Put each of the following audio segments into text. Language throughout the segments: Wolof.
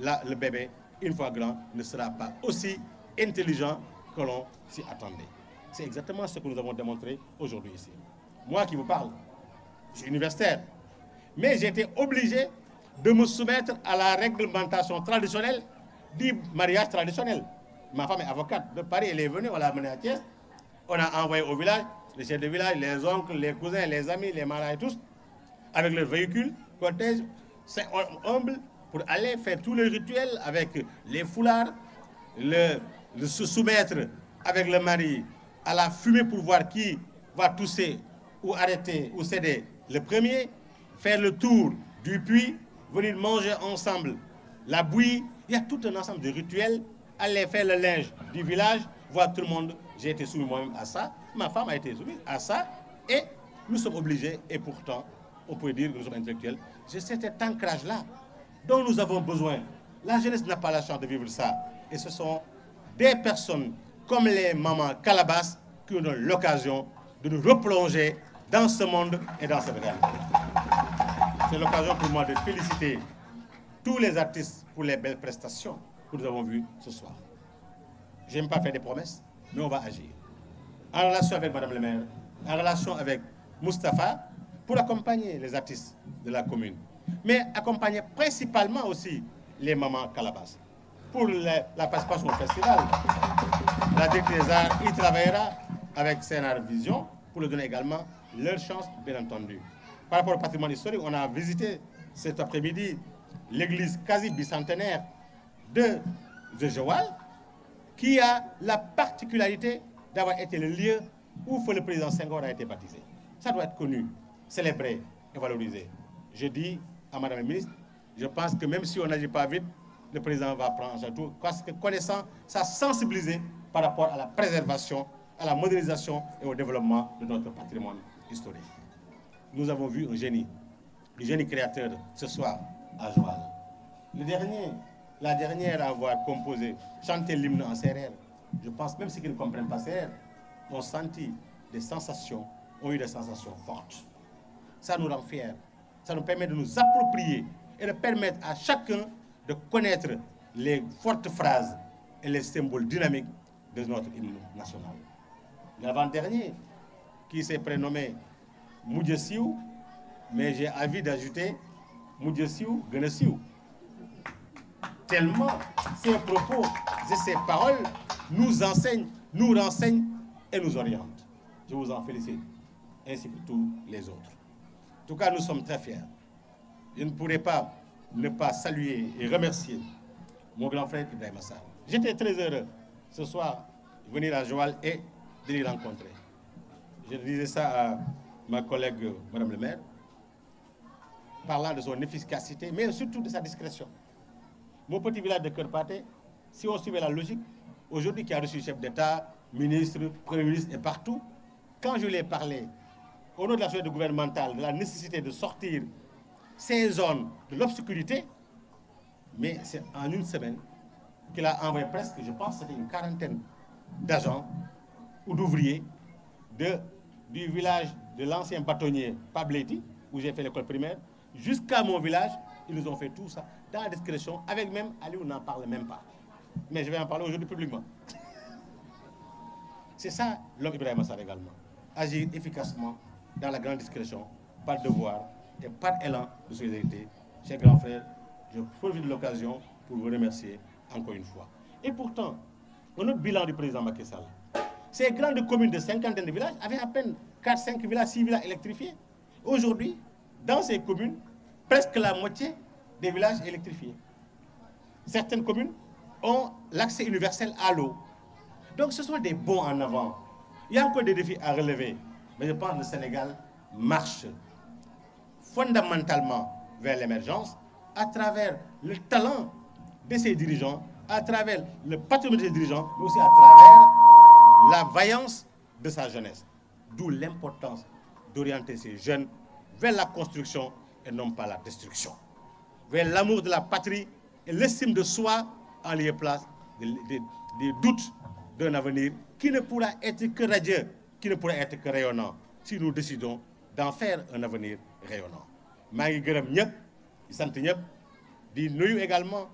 là, le bébé, une fois grand, ne sera pas aussi intelligent que l'on s'y attendait. C'est exactement ce que nous avons démontré aujourd'hui ici. Moi qui vous parle, je suis universitaire, mais j'ai été obligé de me soumettre à la réglementation traditionnelle du mariage traditionnel. Ma femme est avocate de Paris, elle est venue, on l'a amenée à Thiès, on a envoyé au village, les chefs de village, les oncles, les cousins, les amis, les malades, tous, avec leur véhicule, cortège, humble, pour aller faire tous les rituels avec les foulards, le, le, se soumettre avec le mari à la fumée pour voir qui va tousser ou arrêter ou céder le premier, faire le tour du puits, venir manger ensemble la bouillie. Il y a tout un ensemble de rituels. Aller faire le linge du village, voir tout le monde. J'ai été soumis moi-même à ça. Ma femme a été soumise à ça. Et nous sommes obligés. Et pourtant, on peut dire que nous sommes intellectuels. J'ai cet ancrage-là. dont nous avons besoin. La jeunesse n'a pas la chance de vivre ça. Et ce sont des personnes comme les mamans Calabas qui nous donnent l'occasion de nous replonger dans ce monde et dans cette réalité. C'est l'occasion pour moi de féliciter tous les artistes pour les belles prestations que nous avons vues ce soir. Je n'aime pas faire des promesses, mais on va agir. En relation avec Madame le maire, en relation avec Mustapha, pour accompagner les artistes de la commune. mais accompagner principalement aussi les mamans Calabas. Pour la, la passe-passe au festival, la arts y travaillera avec Sénat Vision pour leur donner également leur chance, bien entendu. Par rapport au patrimoine historique, on a visité cet après-midi l'église quasi bicentenaire de, de Joal, qui a la particularité d'avoir été le lieu où le président Senghor a été baptisé. Ça doit être connu, célébré et valorisé. Je dis à Madame la ministre, je pense que même si on n'agit pas vite, le président va prendre en charge tout, parce que connaissant, ça sensibiliser par rapport à la préservation, à la modernisation et au développement de notre patrimoine historique. Nous avons vu un génie, le génie créateur ce soir à Joal. Le dernier, la dernière à avoir composé, chanté l'hymne en CRR, je pense même ceux qui ne comprennent pas CRR, ont senti des sensations, ont eu des sensations fortes. Ça nous rend fiers. ça nous permet de nous approprier et de permettre à chacun de connaître les fortes phrases et les symboles dynamiques de notre hymne national. L'avant-dernier, qui s'est prénommé Moudjessiou, mais j'ai envie d'ajouter Moudjessiou Genesiou. Tellement ces propos et ces paroles nous enseignent, nous renseignent et nous orientent. Je vous en félicite, ainsi que tous les autres. tout cas, nous sommes très fiers. Je ne pourrais pas ne pas saluer et remercier mon grand frère Ibrahim Assar. J'étais très heureux ce soir de venir à Joal et de les rencontrer. Je disais ça à ma collègue, Madame le maire, parlant de son efficacité, mais surtout de sa discrétion. Mon petit village de Kerpaté, si on suivait la logique, aujourd'hui qui a reçu chef d'État, ministre, Premier ministre et partout, quand je lui ai parlé au nom de la solidarité gouvernementale, de la nécessité de sortir ces zones de l'obscurité, mais c'est en une semaine qu'il a envoyé presque, je pense, c'était une quarantaine d'agents ou d'ouvriers de, du village de l'ancien bâtonnier Pableti, où j'ai fait l'école primaire, jusqu'à mon village. Ils nous ont fait tout ça dans la discrétion, avec même Aliou n'en parle même pas. Mais je vais en parler aujourd'hui publiquement. C'est ça l'homme Ibrahim Assar également. Agir efficacement dans la grande discrétion, par devoir et par élan de solidarité. Chers grands frères, je profite de l'occasion pour vous remercier encore une fois. Et pourtant, dans notre bilan du président Macky ces grandes communes de cinquantaine de villages avaient à peine 4, 5 villages, 6 villages électrifiés. Aujourd'hui, dans ces communes, presque la moitié des villages électrifiés. Certaines communes ont l'accès universel à l'eau. Donc ce sont des bons en avant. Il des défis à relever. Mais je pense que le Sénégal marche fondamentalement vers l'émergence à travers le talent de ses dirigeants, à travers le patrimoine de ses dirigeants, aussi à travers la vaillance de sa jeunesse. D'où l'importance d'orienter ces jeunes vers la construction et non pas la destruction. Vers l'amour de la patrie et l'estime de soi en lieu place des, des, des doutes d'un avenir qui ne pourra être que radieux qui ne pourrait être que rayonnant si nous décidons d'en faire un avenir rayonnant maa ngi gërëm ñëpp di sant ñëpp di nuyu également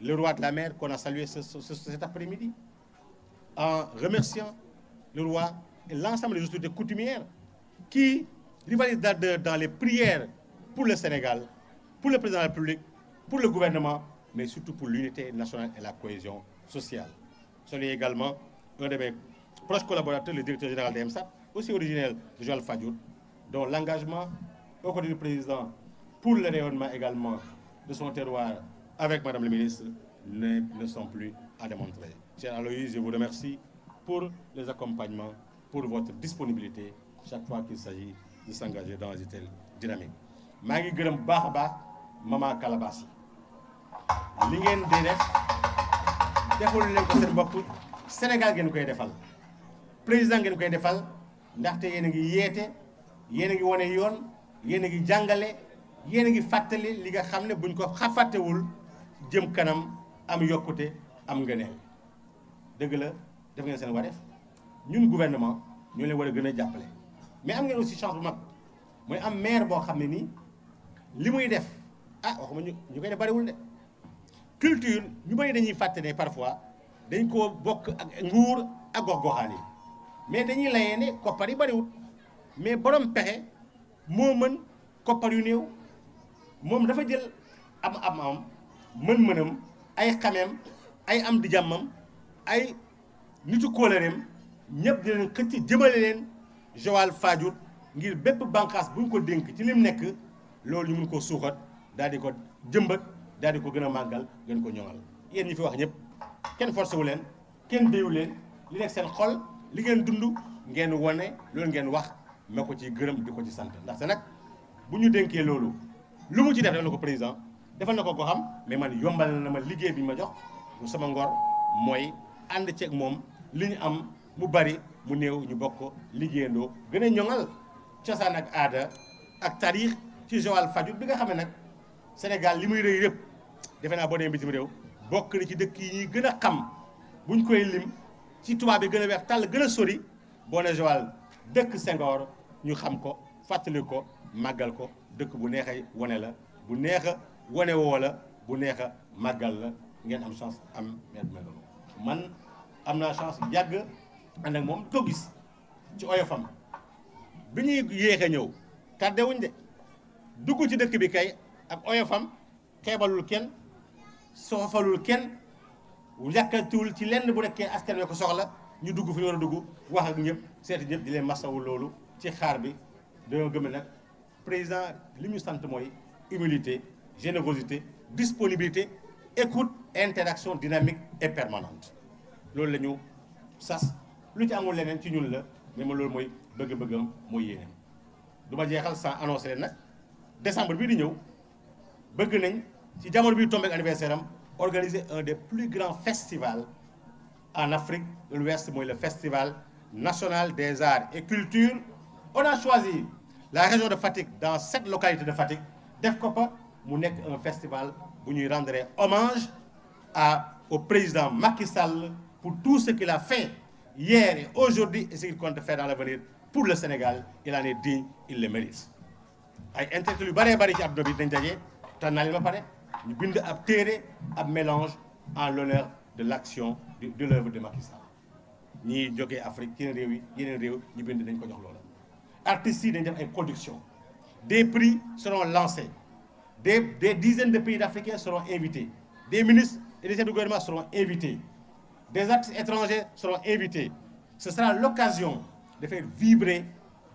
le roi de la mer qu'on a salué ce, ce, cet après-midi en remerciant le roi et l'ensemble des autorités coutumières dans les prières pour le Sénégal pour le président de la République pour le gouvernement mais surtout pour l'unité nationale et la cohésion sociale saluer également un de mes proche collaborateur, le directeur général de MSAP, aussi originel de Joël Fadioud, dont l'engagement au côté du président pour le rayonnement également de son terroir avec Madame le ministre ne, ne sont plus à démontrer. Cher Aloïse, je vous remercie pour les accompagnements, pour votre disponibilité chaque fois qu'il s'agit de s'engager dans une telle dynamique. maa ngi gërëm bu baax a baax maman Calabas yi li ngeen Sénégal ngeen koy defal. président ngeen koy defal ndaxte yéen a ngi yeete yéen a ngi wane yoon yéen a ngi jàngale yéen a ngi fàttali li nga xam ne buñ ko xafattewul jëm kanam am yokkute am ngëneel dëgg la def ngeen seen wa def ñun gouvernement ñoo leen war a gën a jàppale mais am ngeen aussi chance bu mag mooy am maire boo xam ne nii li muy def ah waxuma ñu ñu koy def bariwul de culture ñu bëri dañuy fàtte ne parfois dañ koo bokk ak nguur ak gox goxaan mais dañuy layee ne koppar yi bariwut mais borom pexe moo mën koppar yu néew moom dafa jël am am am mën-mënam ay xameem ay am di jàmmam ay nitu kóolëreem ñëpp di leen xëcc jëmale leen Joal Fadiouth ngir bépp bànqaas bu ko dénk ci lim nekk loolu ñu mun koo suuxat daal di ko jëmbat daal di ko gën a màggal gën ko ñoŋal yéen ñi fi wax ñëpp kenn forcé wu leen kenn déyu leen li nekk seen xol li ngeen dund ngeen wane loolu ngeen wax ma ko ci gërëm di ko ci sant ndax ndaxte nag bu ñu denkee loolu lu mu ci def defal na ko président defal na ko ko xam mais man yombal na ma liggéey bi ma jox bu sama ngor mooy ànd ceeg moom li ñu am mu bari mu néew ñu bokk liggéeyandoo gën a ñoŋal cosaan ak aada ak taarix ci Joal Fadiouth bi nga xam ne nag Sénégal li muy rëy rëpp defe naa boo demee bitim réew bokk na ci dëkk yi ñuy gën a xam buñ koy lim. ci tubaab bi gën a weex tàll gën a sori boo ne Joal dëkk Senghor ñu xam ko fàttali ko màggal ko dëkk bu neexee wone la bu neex a wane woo la bu neex a màggal la ngeen am chance am mel noonu man am naa chance yàgg ànd ak moom ko gis ci oyofam bi ñuy yéexee ñëw tardewuñ de dugg ci dëkk bi kay ak oyofam xeebalul kenn soofalul kenn bu yàkkaltuwul ci lenn bu nekkee askan wi ko soxla ñu dugg fi ñu war a dugg wax ak ñëpp seeti ñëpp di leen masawu loolu ci xaar bi dañoo gëm nag président li ñu sant mooy humilité générosité disponibilité écoute interaction dynamique et permanente loolu la ñu sas lu ci amul leneen ci ñun la mais ma loolu mooy bëgg-bëggam mooy yéeneem du jeexal sans annoncer leen nag décembre bii di ñëw bëgg nañ ci jamono bii tombeek anniversaire am organiser un des plus grands festivals en Afrique de l'Ouest mooy le festival national des arts et cultures on a choisi la région de Fatick dans cette localité de Fatick def ko fa mu nekk un festival bu ñuy rendre hommage à au président Macky Sall pour tout ce qu'il a fait hier et aujourd'hui et ce qu'il compte faire dans l'avenir pour le Sénégal il en est digne il le mérite ay intellectuels yu bëree bëri ci àdduna bi dañ ma pare ñu bind ab téere ab mélange en l'honneur de l'action de l'œuvre de Macky Sall ñii jógee Afrique yeneen réew yi yeneen réew ñu bind dañ ko jox loola artistes yi dañ def ay production des prix seront lancés des des dizaines de pays africains seront invités des ministres et des chefs de gouvernement seront invités des artistes étrangers seront invités ce sera l'occasion de faire vibrer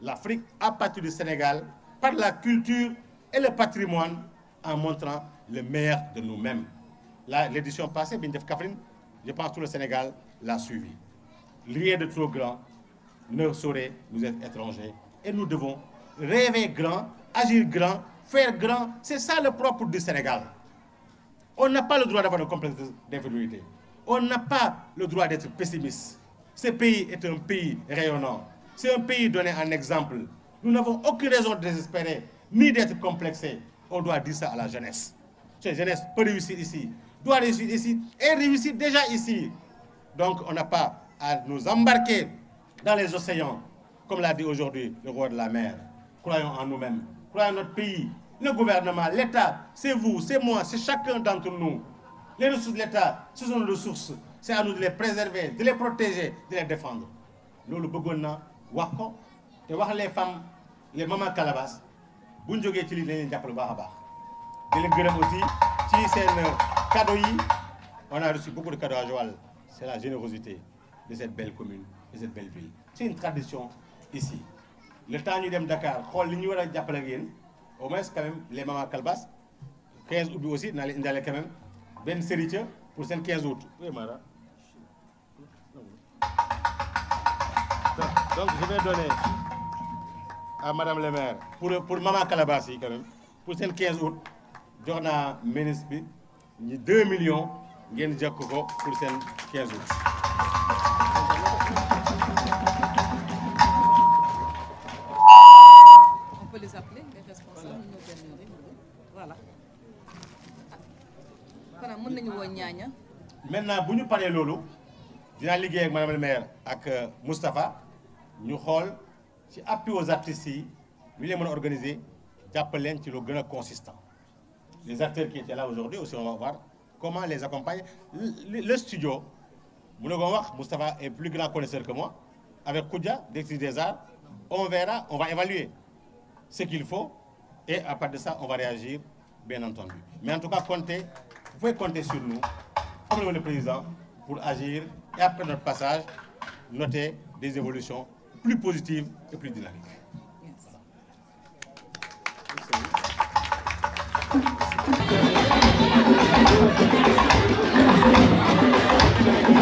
l'Afrique à partir du Sénégal par la culture et le patrimoine en montrant le meilleur de nous-mêmes la l'édition passée bi ñu def Kaffrine je pense tout le Sénégal l'a suivi rien de trop grand ne saurait nous être étranger et nous devons rêver grand agir grand faire grand c'est ça le propre du Sénégal on n'a pas le droit d'avoir un complexe d'infériorité on n'a pas le droit d'être pessimiste ce pays est un pays rayonnant c'est un pays donné en exemple nous n'avons aucune raison de désespérer ni d'être complexés on doit à la jeunesse cette jeunesse peut réussir ici, doit réussir ici et réussir déjà ici. Donc on n'a pas à nous embarquer dans les océans, comme l'a dit aujourd'hui le roi de la mer. Croyons en nous-mêmes, croyons en notre pays, le gouvernement, l'État, c'est vous, c'est moi, c'est chacun d'entre nous. Les ressources l'État, C'est à nous de les préserver, de les protéger, de les défendre. loolu bëggoon na wax ko te wax les femmes les mamans calabas bu ñu jógee ci lii dañuy jàppale baax a di leen gërëm aussi ci seen cadeau yi on a reçu beaucoup de cadeaux à Joal c'est la générosité de cette belle commune de cette belle ville c'est une tradition ici le temps ñu dem Dakar xool li ñu war a jàppale ak yéen au moins quand même les mamans kalbas 15 août bi aussi naa leen indaale quand même benn serite pour seen quinze août donc je vais donner à madame le maire pour pour maman kalbas yi quand pour seen 15 août jox naa bi ñi 2 millions ngeen jëkk ko pour bu ñu paree loolu dinaa liggéey ak madame le maire ak euh, Moustapha ñu xool ci appui aux artistes yi lu leen mën a organiser leen ci loo gën consistant les acteurs qui étaient là aujourd'hui on va voir comment les accompagner le studio mu ne ko wax Moustapha est plus grand connaisseur que moi avec Koudia directrice des arts on verra on va évaluer ce qu'il faut et à partir de ça on va réagir bien entendu mais en tout cas comptez vous président pour agir et après notre passage noter des évolutions plus positives et plus dynamiques Thank you.